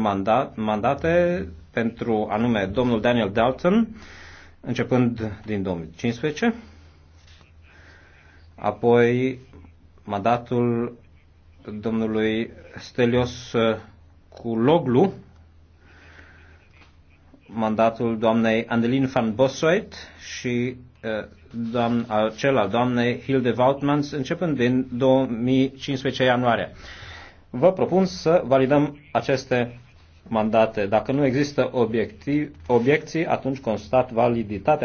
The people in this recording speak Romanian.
mandat, mandate pentru anume domnul Daniel Dalton, începând din 2015, apoi mandatul domnului Stelios Kuloglu, mandatul doamnei Andelin van Bossoit și eh, doamn, cel al doamnei Hilde Wautmans începând din 2015 ianuarie. Vă propun să validăm aceste mandate. Dacă nu există obiectiv, obiecții, atunci constat validitatea